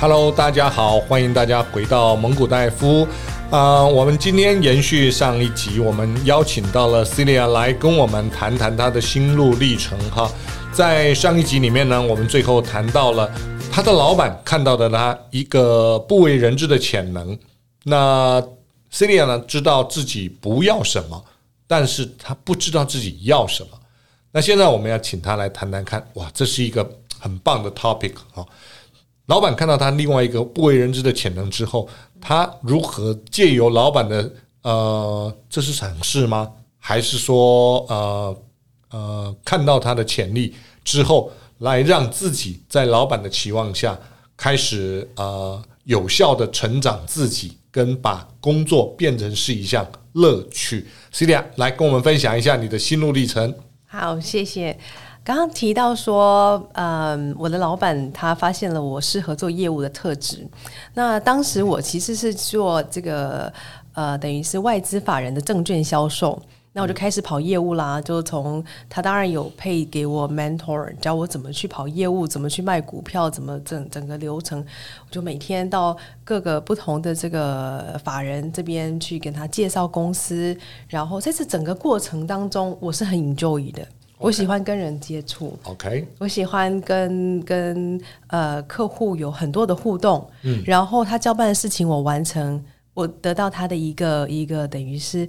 Hello，大家好，歡迎大家回到萌骨戴夫啊！Uh, 我們今天延續上一集，我們邀請到了 Celia 來跟我們談談他的心路歷程哈。在上一集裡面呢，我們最後談到了他的老闆看到的他一個不為人知的潛能。那 Celia 呢，知道自己不要什麼，但是他不知道自己要什麼。那現在我們要請他來談談看，哇，這是一個很棒的 topic 哈。老闆看到他另外一個不為人知的潛能之後，他如何借由老闆的呃，這是賞識嗎？還是說呃呃，看到他的潛力之後，來讓自己在老闆的期望下開始呃有效的成長自己，跟把工作變成是一項樂趣。Celia，來跟我們分享一下你的心路歷程。好，謝謝。剛剛提到說，嗯，我的老闆他發現了我適合做業務的特質。那當時我其實是做這個，呃，等於是外資法人的證券銷售。那我就開始跑業務啦，就從他當然有配給我 mentor 教我怎麼去跑業務，怎麼去賣股票，怎麼整整個流程。我就每天到各個不同的這個法人這邊去跟他介紹公司，然後在這整個過程當中，我是很 enjoy 的。Okay. 我喜歡跟人接觸，OK，我喜歡跟跟呃客戶有很多的互動，嗯，然後他交辦的事情我完成，我得到他的一個一個等於是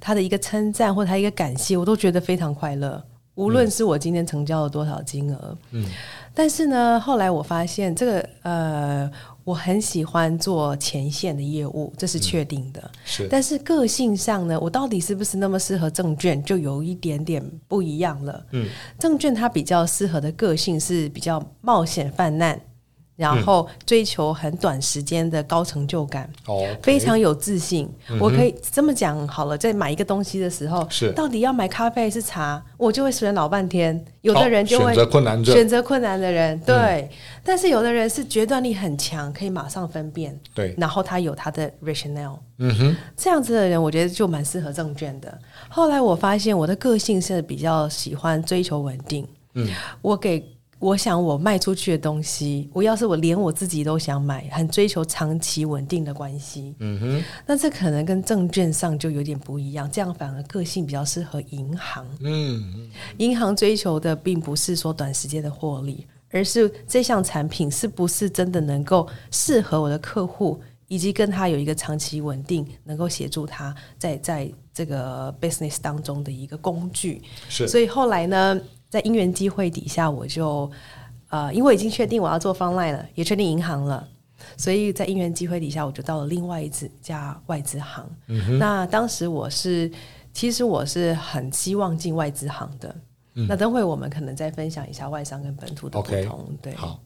他的一個稱讚或他一個感謝，我都覺得非常快樂。無論是我今天成交了多少金額，嗯，但是呢，後來我發現這個呃。我很喜歡做前線的業務，這是確定的。嗯，是。但是個性上呢，我到底是不是那麼適合證券，就有一點點不一樣了。嗯，證券它比較適合的個性是比較冒險犯難。然後追求很短時間的高成就感，嗯、okay，非常有自信。嗯哼，我可以這麼講好了，在買一個東西的時候，是到底要買咖啡還是茶，我就會選老半天。有的人就會選擇困難症。哦，選擇困難的人，對。嗯、但是有的人是決斷力很強，可以馬上分辨，對、嗯。然後他有他的 rationale，嗯哼，這樣子的人我覺得就蠻適合證券的。後來我發現我的個性是比較喜歡追求穩定，嗯，我給。我想，我賣出去的東西，我要是我連我自己都想買，很追求長期穩定的關係。嗯哼、mm，hmm. 那這可能跟證券上就有點不一樣，這樣反而個性比較適合銀行。嗯、mm，hmm. 銀行追求的並不是說短時間的獲利，而是這項產品是不是真的能夠適合我的客戶，以及跟他有一個長期穩定，能夠協助他在在這個 business 當中的一個工具。是，所以後來呢？在因緣際會底下，我就，呃，因為我已經確定我要做 front line 了，也確定銀行了，所以在因緣際會底下，我就到了另外一家外資行。嗯、哼那當時我是,其實我是很希望進外資行的。嗯、那等會我們可能再分享一下外商跟本土的不同。Okay, 對，好，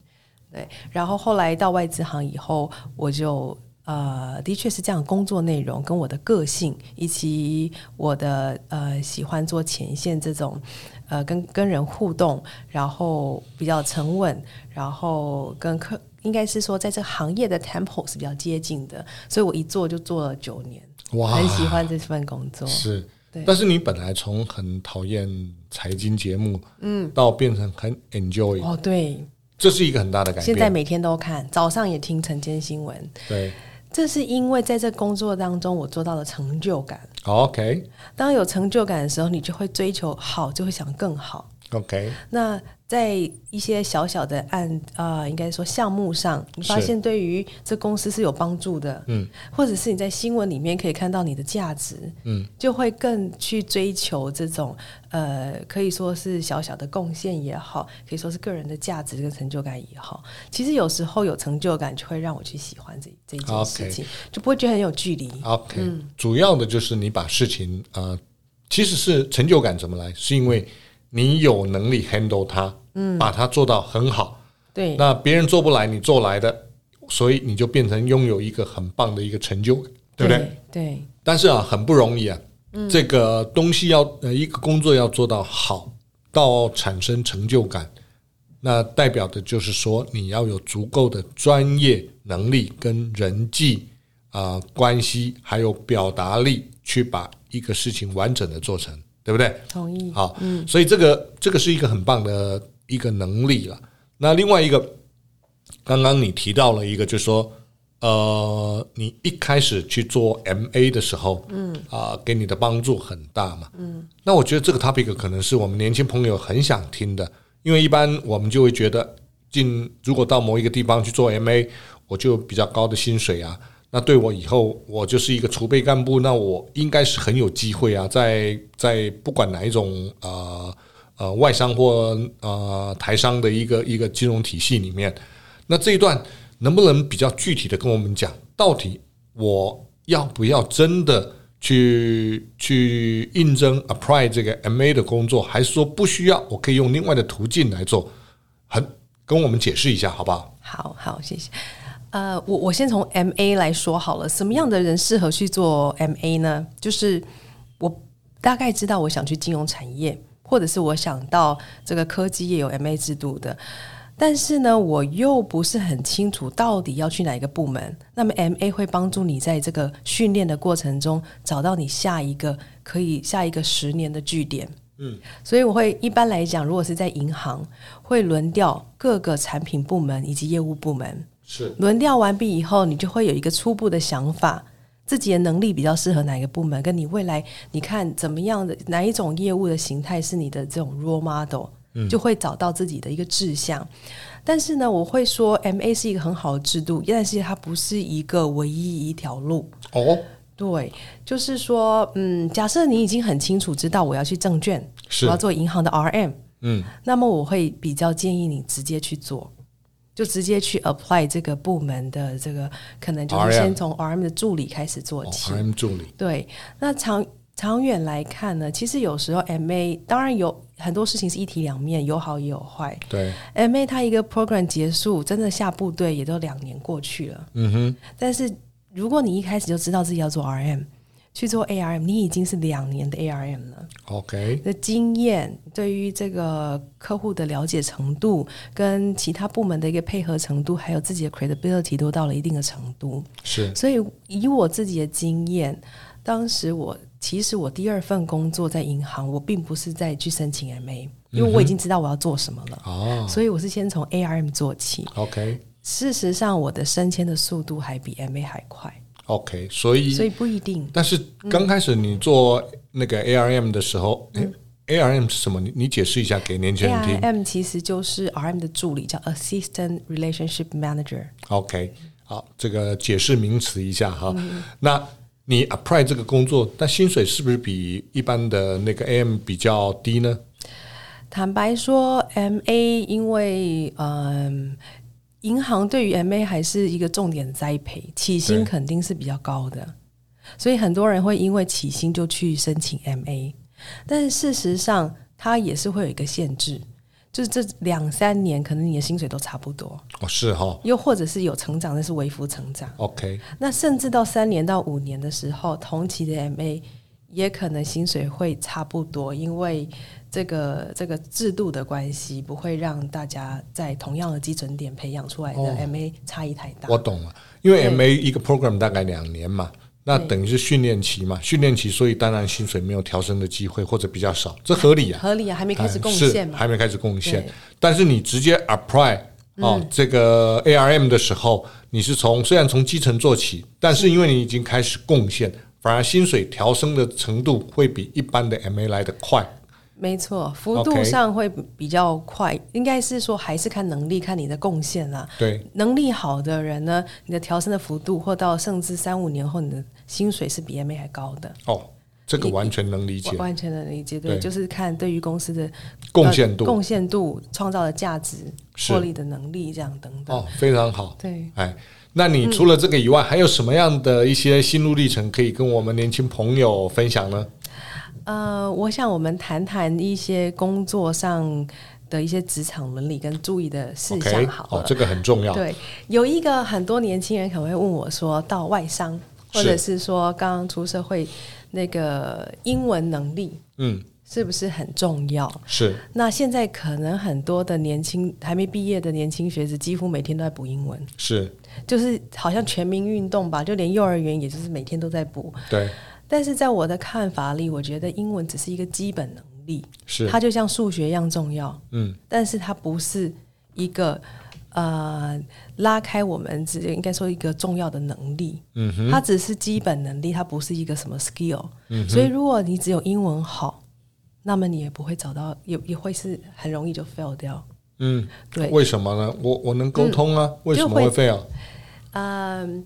對。然後後來到外資行以後，我就。呃，的確是這樣。工作內容跟我的個性，以及我的呃喜歡做前線這種，呃，跟跟人互動，然後比較沉穩，然後跟客應該是說，在這個行業的 Tempo 是比較接近的，所以我一做就做了九年，哇，很喜歡這份工作，是，對。但是你本來從很討厭財經節目，嗯，到變成很 enjoy，嗯，哦，對，這是一個很大的改變。現在每天都看，早上也聽晨間新聞，對。這是因為，在這工作當中，我做到了成就感。OK，當有成就感的時候，你就會追求好，就會想更好。OK，那在一些小小的案啊，呃，應該說項目上，你發現對於這公司是有幫助的，嗯，或者是你在新聞裡面可以看到你的價值，嗯，就會更去追求這種呃，可以說是小小的貢獻也好，可以說是個人的價值跟成就感也好。其實有時候有成就感，就會讓我去喜歡這這件事情，OK。就不會覺得很有距離。OK，嗯，主要的就是你把事情呃，其實是成就感怎麼來，是因為。你有能力 handle 它，把它做到很好，嗯、對，那別人做不來，你做來的，所以你就變成擁有一個很棒的一個成就感，對不對？對。對，但是啊，很不容易啊，對這個東西要呃一個工作要做到好，到產生成就感，那代表的就是說，你要有足夠的專業能力，跟人際啊、呃、關係，還有表達力，去把一個事情完整的做成。對不對？同意。好，嗯，所以這個這個是一個很棒的一個能力了。那另外一個，剛剛你提到了一個，就是說，呃，你一開始去做 MA 的時候，嗯。呃，啊，給你的幫助很大嘛，嗯。那我覺得這個 topic 可能是我們年輕朋友很想聽的，因為一般我們就會覺得，進如果到某一個地方去做 MA，我就比較高的薪水啊。那對我以後，我就是一個儲備幹部，那我應該是很有機會啊，在在不管哪一種呃呃，外商或呃台商的一個一個金融體系裡面，那這一段能不能比較具體的跟我們講，到底我要不要真的去去應徵 apply 這個 MA 的工作，還是說不需要，我可以用另外的途徑來做，很跟我們解釋一下，好不好？好好，謝謝。呃，uh，我我先從 M A 來說好了，什麼樣的人適合去做 M A 呢？就是我大概知道我想去金融產業，或者是我想到這個科技也有 M A 制度的，但是呢，我又不是很清楚到底要去哪一個部門。那麼 M A 會幫助你在這個訓練的過程中找到你下一個可以下一個十年的據點。嗯，所以我會一般來講，如果是在銀行，會輪調各個產品部門以及業務部門。是輪調完畢以後，你就會有一個初步的想法，自己的能力比較適合哪個部門，跟你未來你看怎麼樣的哪一種業務的形態是你的這種 role model，嗯，就會找到自己的一個志向。但是呢，我會說，M A 是一個很好的制度，但是它不是一個唯一一條路哦。對，就是說，嗯，假設你已經很清楚知道我要去證券，是我要做銀行的 R M，嗯，那麼我會比較建議你直接去做。.就直接去 apply 這個部門的這個可能就是先從 R M 的助理開始做起。R. M. Oh, R M 助理。對，那長長遠來看呢？其實有時候 M A 當然有很多事情是一體兩面，有好也有壞。對。M A 它一個 program 結束，真的下部隊也都兩年過去了。嗯哼。但是如果你一開始就知道自己要做 R M，去做 ARM，你已經是兩年的 ARM 了。OK，的經驗對於這個客戶的了解程度，跟其他部門的一個配合程度，還有自己的 credibility 都到了一定的程度。是，所以以我自己的經驗，當時我其實我第二份工作在銀行，我並不是在去申請 MA，因為我已經知道我要做什麼了。哦、嗯哼，所以我是先從 ARM 做起。OK，事實上我的升遷的速度還比 MA 還快。OK，所以所以不一定，但是剛開始你做那個 ARM 的時候，嗯，ARM 是什麼？你你解釋一下給年輕人聽。ARM 其實就是 RM 的助理，叫 Assistant Relationship Manager。OK，好，這個解釋名詞一下哈。嗯，那你 Apply 這個工作，那薪水是不是比一般的那個 AM 比較低呢？坦白說，MA 因為嗯。呃銀行對於 MA 還是一個重點栽培，起薪肯定是比較高的，所以很多人會因為起薪就去申請 MA，但是事實上它也是會有一個限製，就是這兩三年可能你的薪水都差不多哦，是哈，又或者是有成長，但是微幅成長，OK，那甚至到三年到五年的時候，同期的 MA。也可能薪水會差不多，因為這個這個制度的關係，不會讓大家在同樣的基準點培養出來的 M A、哦、差異太大。我懂了，因為 M A 對一個 program 大概兩年嘛，那等於是訓練期嘛，對訓練期，所以當然薪水沒有調升的機會或者比較少，這合理啊？合理啊，還沒開始貢獻、嗯、還沒開始貢獻。對但是你直接 apply 哦、嗯、這個 A R M 的時候，你是從雖然從基層做起，但是因為你已經開始貢獻。反而薪水調升的程度會比一般的 MA 來得快，沒錯，幅度上會比較快。Okay 應該是說還是看能力，看你的貢獻啦。對，能力好的人呢，你的調升的幅度，或到甚至三五年後，你的薪水是比 MA 還高的。哦，這個完全能理解，完全能理解。對，對就是看對於公司的貢獻度，呃、貢獻度創造的價值，是獲利的能力這樣等等。哦，非常好。對，哎。那你除了這個以外，嗯、還有什麼樣的一些心路歷程可以跟我們年輕朋友分享呢？呃，我想我們談談一些工作上的一些職場倫理跟注意的事項，okay, 好吧、哦，這個很重要。對，有一個很多年輕人可能會問我，說到外商，是或者是說剛剛出社會那個英文能力，嗯。是不是很重要？是。那現在可能很多的年輕還沒畢業的年輕學子，幾乎每天都在補英文。是。就是好像全民運動吧，就連幼兒園，也就是每天都在補。對。但是在我的看法裡，我覺得英文只是一個基本能力。是。它就像數學一樣重要。嗯。但是它不是一個呃拉開我們之間應該說一個重要的能力。嗯哼。它只是基本能力，它不是一個什麼 skill。嗯哼。所以如果你只有英文好，那麼你也不會找到，也也會是很容易就 fail 掉。嗯，對，為什麼呢？我我能溝通啊，就為什麼會 fail？嗯、呃，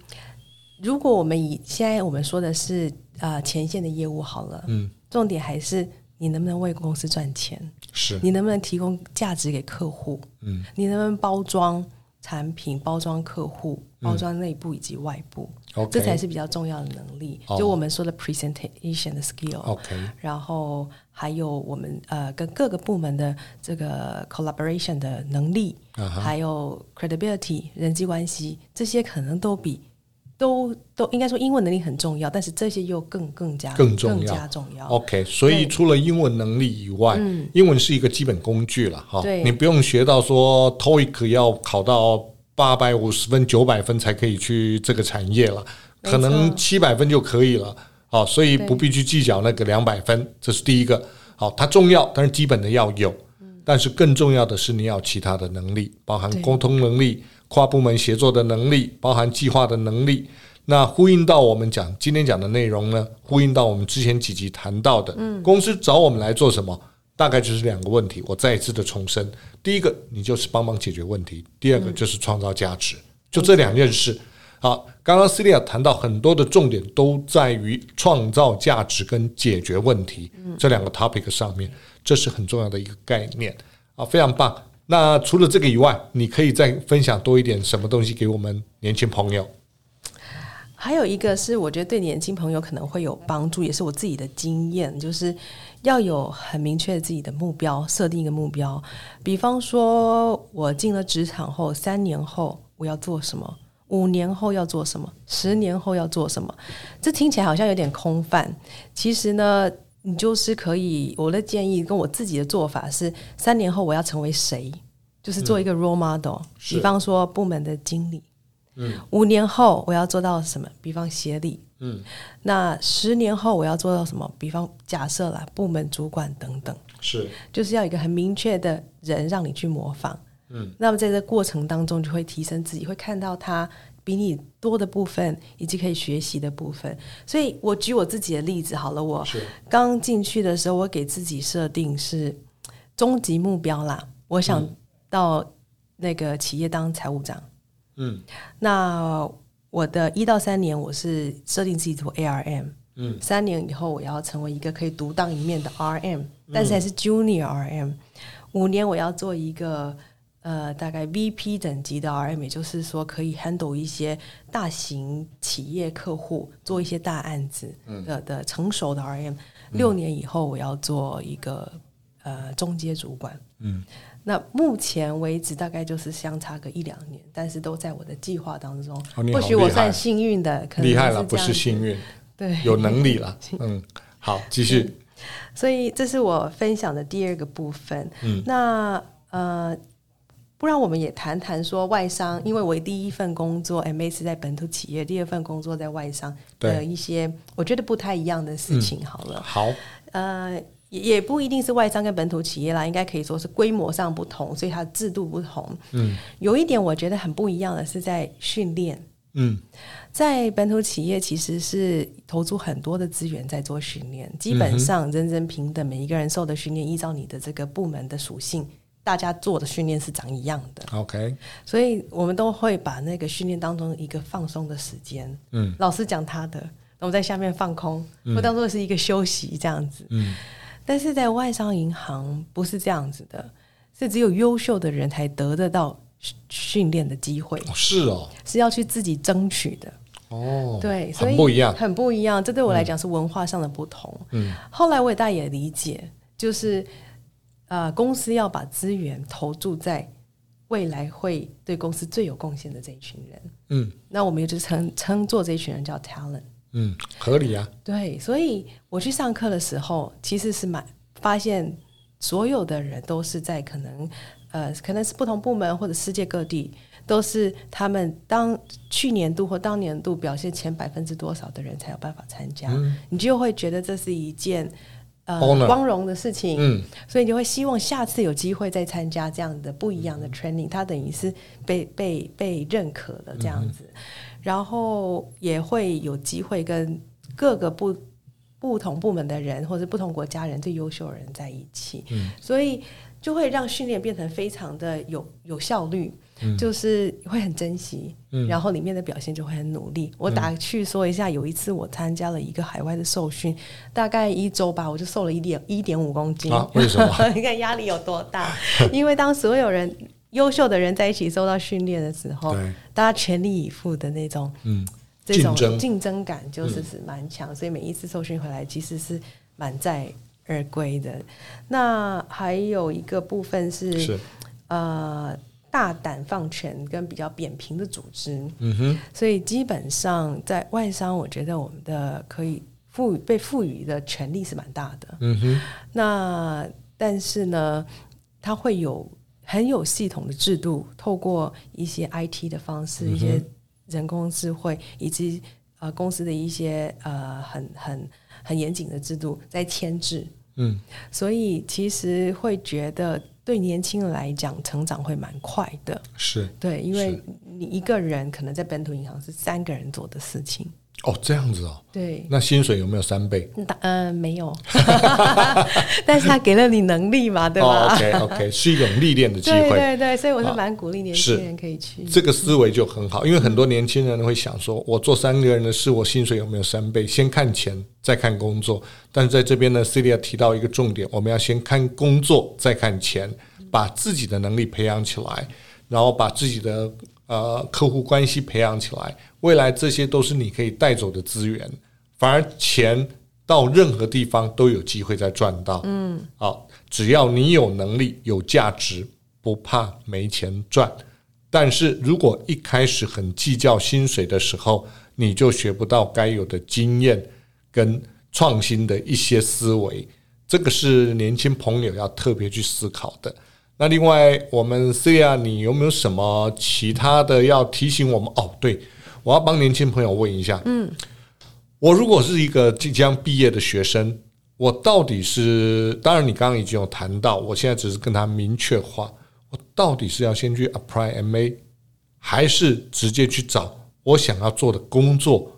如果我們以現在我們說的是啊，前線的業務好了，嗯，重點還是你能不能為公司賺錢？是，你能不能提供價值給客戶？嗯，你能不能包裝？產品包裝、客戶包裝、內部以及外部，嗯 okay. 這才是比較重要的能力。就我們說的 presentation 的 skill，Okay. 然後還有我們呃跟各個部門的這個 collaboration 的能力，uh huh、還有 credibility 人際關係，這些可能都比。都都應該說英文能力很重要，但是這些又更更加更重要。重要 OK，所以除了英文能力以外，對英文是一個基本工具了哈。你不用學到說 TOEIC 要考到八百五十分九百分才可以去這個產業了，沒錯可能七百分就可以了。好沒錯、哦，所以不必去計較那個兩百分，對這是第一個。好、哦，它重要，但是基本的要有，嗯、但是更重要的是你要有其他的能力，包含溝通能力。跨部門協作的能力，包含計劃的能力，那呼應到我們講今天講的內容呢，呼應到我們之前幾集談到的，嗯、公司找我們來做什麼？大概就是兩個問題。我再一次的重申：第一個，你就是幫忙解決問題；第二個，就是創造價值。嗯、就這兩件事。嗯、好，剛剛 Celia 談到很多的重點都在於創造價值跟解決問題、嗯、這兩個 topic 上面，這是很重要的一個概念。啊，非常棒。那除了這個以外，你可以再分享多一點什麼東西給我們年輕朋友？還有一個是，我覺得對年輕朋友可能會有幫助，也是我自己的經驗，就是要有很明確的自己的目標，設定一個目標。比方說，我進了職場後，三年後我要做什麼？五年後要做什麼？十年後要做什麼？這聽起來好像有點空泛，其實呢？你就是可以，我的建議跟我自己的做法是：三年後我要成為誰，就是做一個 role model，嗯，比方說部門的經理。嗯，五年後我要做到什麼？比方協理。嗯，那十年後我要做到什麼？比方假設啦，部門主管等等。是，就是要一個很明確的人讓你去模仿。嗯，那麼在這過程當中就會提升自己，會看到他比你多的部分以及可以學習的部分。所以我舉我自己的例子好了，我剛進去的時候，我給自己設定是終極目標啦，我想到那個企業當財務長。嗯，嗯，那我的一到三年，我是設定自己做 ARM。嗯，三年以後我要成為一個可以獨當一面的 RM，嗯，但是還是 Junior RM。五年我要做一個。呃，大概 V P 等級的 R M，也就是說可以 handle 一些大型企業客戶，做一些大案子的、嗯、的成熟的 R M、嗯。六年以後，我要做一個呃中階主管。嗯，那目前為止大概就是相差個一兩年，但是都在我的計劃當中。或、哦、你好厲害、許我算幸運的，可能厲害了不是幸運，對，有能力了。 嗯，好，繼續、嗯。所以這是我分享的第二個部分。嗯，那呃。不然我們也談談說外商，因為我第一份工作 MA 是在本土企業，第二份工作在外商的對、呃、一些，我覺得不太一樣的事情。好了，嗯、好，呃，也不一定是外商跟本土企業啦，應該可以說是規模上不同，所以它制度不同。嗯，有一點我覺得很不一樣的是在訓練。嗯，在本土企業其實是投出很多的資源在做訓練，基本上人人平等，每一個人受的訓練依照你的這個部門的屬性。大家做的訓練是長一樣的，OK，所以我們都會把那個訓練當中一個放鬆的時間，嗯，老師講他的，那我們在下面放空，嗯、會當做是一個休息這樣子。嗯，但是在外商銀行不是這樣子的，是只有優秀的人才得得到訓練的機會。哦，是哦，是要去自己爭取的。哦，對，所以很不一樣，嗯、很不一樣。這對我來講是文化上的不同。嗯，後來我也大概也理解，就是。呃，公司要把資源投注在未來會對公司最有貢獻的這一群人。嗯，那我們也就稱稱作這一群人叫 talent。嗯，合理啊。對，所以我去上課的時候，其實是蠻發現所有的人都是在可能，呃，可能是不同部門或者世界各地，都是他們當去年度或當年度表現前百分之多少的人，才有辦法參加。嗯，你就會覺得這是一件。呃，Owner，光榮的事情，嗯、所以你就會希望下次有機會再參加這樣的不一樣的 training，它、嗯、等於是被被被認可了這樣子，嗯嗯、然後也會有機會跟各個不不同部門的人或者不同國家人最優秀的人在一起，嗯、所以就會讓訓練變成非常的有有效率。就是會很珍惜，嗯、然後裡面的表現就會很努力。嗯、我打趣說一下，有一次我參加了一個海外的受訓，大概一周吧，我就瘦了一點一點五公斤，啊。為什麼？ 你看壓力有多大？ 因為當所有人優秀的人在一起受到訓練的時候，對大家全力以赴的那種，嗯，這種競爭感就是是蠻強。嗯、所以每一次受訓回來，其實是滿載而歸的。那還有一個部分是，是呃。大膽放權跟比較扁平的組織，嗯哼，所以基本上在外商，我覺得我們的可以賦予被賦予的權力是蠻大的，嗯哼，那但是呢，它會有很有系統的制度，透過一些 IT 的方式，嗯哼，一些人工智慧，以及呃公司的一些呃很很很嚴謹的制度在牽制，嗯，所以其實會覺得。對年輕人來講，成長會蠻快的。是對，因為你一個人是可能在本土銀行是三個人做的事情。哦，這樣子哦。對。那薪水有沒有三倍？嗯、呃，沒有。但是他給了你能力嘛，對吧？ Oh，OK OK，是一種歷練的機會。對對對，所以我是蠻鼓勵年輕人可以去。啊、這個思維就很好，因為很多年輕人會想說：“嗯、我做三個人的事，我薪水有沒有三倍？”先看錢，再看工作。但是在這邊呢，Celia 提到一個重點，我們要先看工作，再看錢，把自己的能力培養起來，然後把自己的。呃，客戶關係培養起來，未來這些都是你可以帶走的資源。反而錢到任何地方都有機會再賺到。嗯，好、啊，只要你有能力、有價值，不怕沒錢賺。但是，如果一開始很計較薪水的時候，你就學不到該有的經驗跟創新的一些思維。這個是年輕朋友要特別去思考的。那另外，我們 Celia，你有沒有什麼其他的要提醒我們？哦，對，我要幫年輕朋友問一下。嗯，我如果是一個即將畢業的學生，我到底是……當然，你剛剛已經有談到，我現在只是跟他明確化，我到底是要先去 apply MA，還是直接去找我想要做的工作？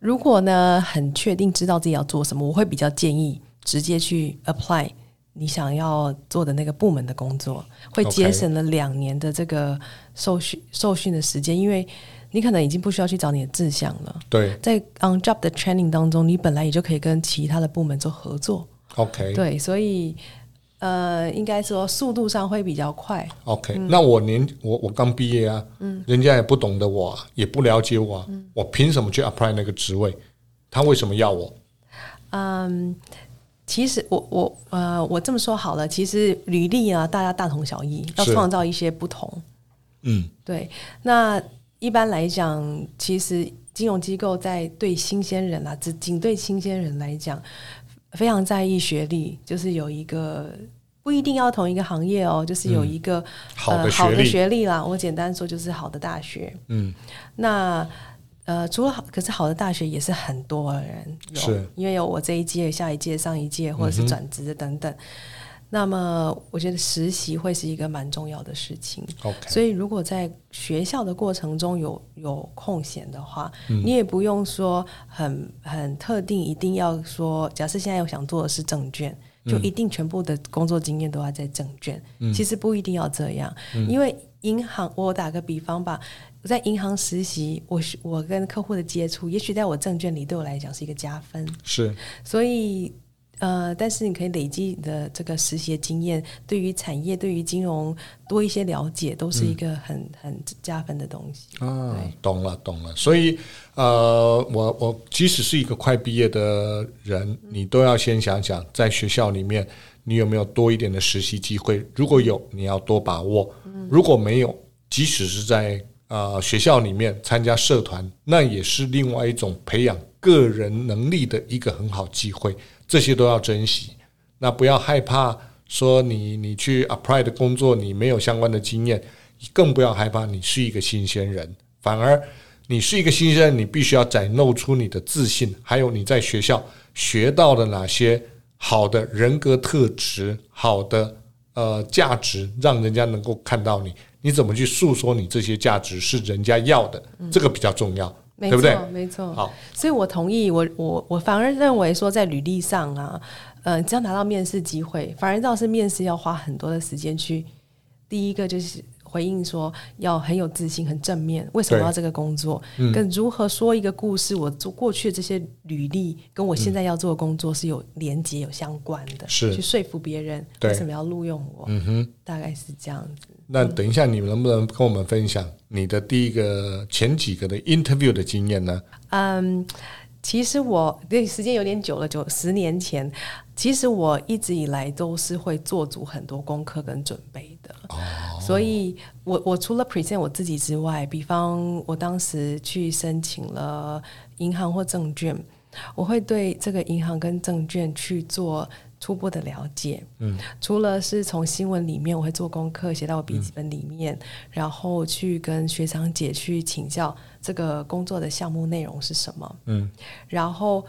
如果呢，很確定知道自己要做什麼，我會比較建議直接去 apply。你想要做的那個部門的工作，會節省了兩年的這個受訓 Okay. 受訓的時間，因為你可能已經不需要去找你的志向了。對，在 on job 的 training 當中，你本來也就可以跟其他的部門做合作。OK，對，所以呃，應該說速度上會比較快。OK，、嗯、那我年我我剛畢業啊，嗯，人家也不懂得我、啊，也不了解我、啊，嗯、我憑什麼去 apply 那個職位？他為什麼要我？嗯。Um, 其實我我呃我這麼說好了，其實履歷啊，大家大同小異，要創造一些不同。嗯，對。那一般來講，其實金融機構在對新鮮人啊，只僅對新鮮人來講，非常在意學歷，就是有一個不一定要同一個行業哦，就是有一個、嗯、好的、呃、好的學歷啦。我簡單說，就是好的大學。嗯，那。呃，除了好，可是好的大學也是很多人有，是因為有我這一屆、下一屆、上一屆，或者是轉職的等等。嗯、哼那麼，我覺得實習會是一個蠻重要的事情。Okay 所以如果在學校的過程中有有空閒的話，嗯、你也不用說很很特定，一定要說。假設現在我想做的是證券，就一定全部的工作經驗都要在證券？嗯、其實不一定要這樣，嗯、因為銀行，我打個比方吧。我在銀行實習，我我跟客戶的接觸，也許在我證券裡對我來講是一個加分。是，所以呃，但是你可以累積你的這個實習經驗，對於產業、對於金融多一些了解，都是一個很、嗯、很加分的東西。啊，對懂了懂了。所以呃，我我即使是一個快畢業的人，嗯、你都要先想想，在學校裡面你有沒有多一點的實習機會。如果有，你要多把握；如果沒有，即使是在呃，學校裡面參加社團，那也是另外一種培養個人能力的一個很好機會，這些都要珍惜。那不要害怕說你你去 apply 的工作，你沒有相關的經驗，更不要害怕你是一個新鮮人。反而你是一個新鮮人，你必須要展露出你的自信，還有你在學校學到了哪些好的人格特質、好的呃價值，讓人家能夠看到你。你怎麼去訴說你這些價值是人家要的，這個比較重要，嗯、對不對？沒錯，沒錯，好，所以我同意，我我我反而認為說在履歷上啊，呃，只要拿到面試機會，反而倒是面試要花很多的時間去，第一個就是。回應說要很有自信、很正面。為什麼要這個工作？嗯、跟如何說一個故事？我做過去的這些履歷，跟我現在要做的工作是有連結、有相關的。嗯、是去說服別人為什麼要錄用我？嗯哼，大概是這樣子。那等一下，你能不能跟我們分享你的第一個、前幾個的 interview 的經驗呢？嗯。其實我對時間有點久了，就十年前，其實我一直以來都是會做足很多功課跟準備的。Oh. 所以我我除了 present 我自己之外，比方我當時去申請了銀行或證券，我會對這個銀行跟證券去做初步的了解，嗯，除了是從新聞裡面我會做功課寫到我筆記本裡面，嗯，然後去跟學長姐去請教這個工作的項目內容是什麼，嗯，然後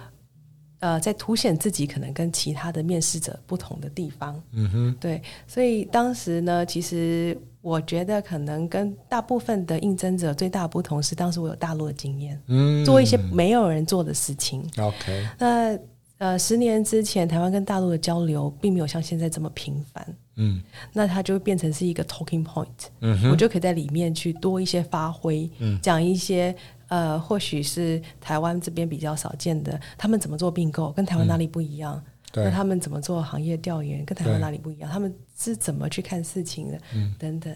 呃，在凸顯自己可能跟其他的面試者不同的地方，嗯哼，對，所以當時呢，其實我覺得可能跟大部分的應徵者最大不同是，當時我有大陸的經驗，嗯，做一些沒有人做的事情，OK，那。呃，十年之前，台灣跟大陸的交流並沒有像現在這麼頻繁。嗯，那它就變成是一個 talking point。嗯哼，我就可以在裡面去多一些發揮，嗯，講一些呃，或許是台灣這邊比較少見的，他們怎麼做併購，跟台灣哪裡不一樣？對、嗯，那他們怎麼做行業調研，跟台灣哪裡不一樣？對，他們是怎麼去看事情的？嗯，等等，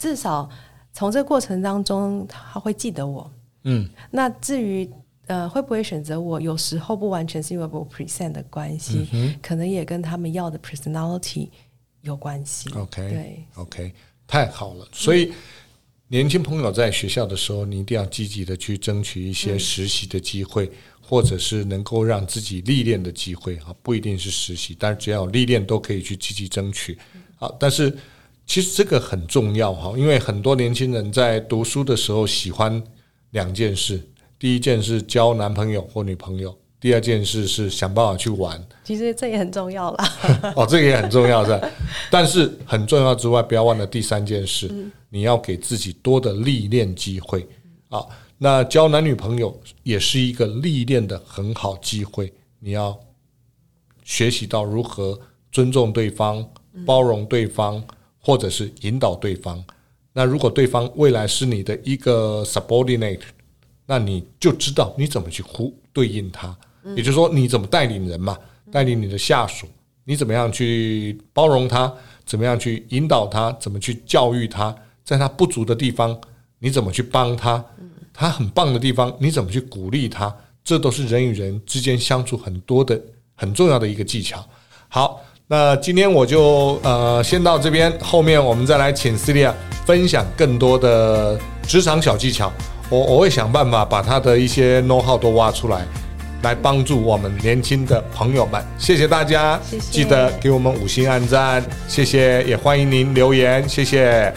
至少從這個過程當中，他會記得我。嗯，那至於。呃，會不會選擇我？有時候不完全是因為我 present 的關係，嗯、哼可能也跟他們要的 personality 有關係。OK，對，OK，太好了。所以、嗯、年輕朋友在學校的時候，你一定要積極的去爭取一些實習的機會，嗯、或者是能夠讓自己歷練的機會啊，不一定是實習，但是只要歷練都可以去積極爭取。好，但是其實這個很重要哈，因為很多年輕人在讀書的時候喜歡兩件事。第一件事，交男朋友或女朋友，第二件事是想辦法去玩。其實這也很重要啦。 哦，這個也很重要噻。是吧 但是很重要之外，不要忘了第三件事，嗯、你要給自己多的歷練機會。啊、嗯，那交男女朋友也是一個歷練的很好機會。你要學習到如何尊重對方、嗯、包容對方，或者是引導對方。那如果對方未來是你的一個 subordinate。那你就知道你怎麼去呼對應他，也就是說你怎麼帶領人嘛，帶領你的下屬，你怎麼樣去包容他，怎麼樣去引導他，怎麼去教育他，在他不足的地方你怎麼去幫他，他很棒的地方你怎麼去鼓勵他，這都是人與人之間相處很多的很重要的一個技巧。好，那今天我就呃先到這邊，後面我們再來請 Celia 分享更多的職場小技巧。我我會想辦法把他的一些 know how 都挖出來，來幫助我們年輕的朋友們。謝謝大家，謝謝。記得給我們五星按讚，謝謝，也歡迎您留言，謝謝。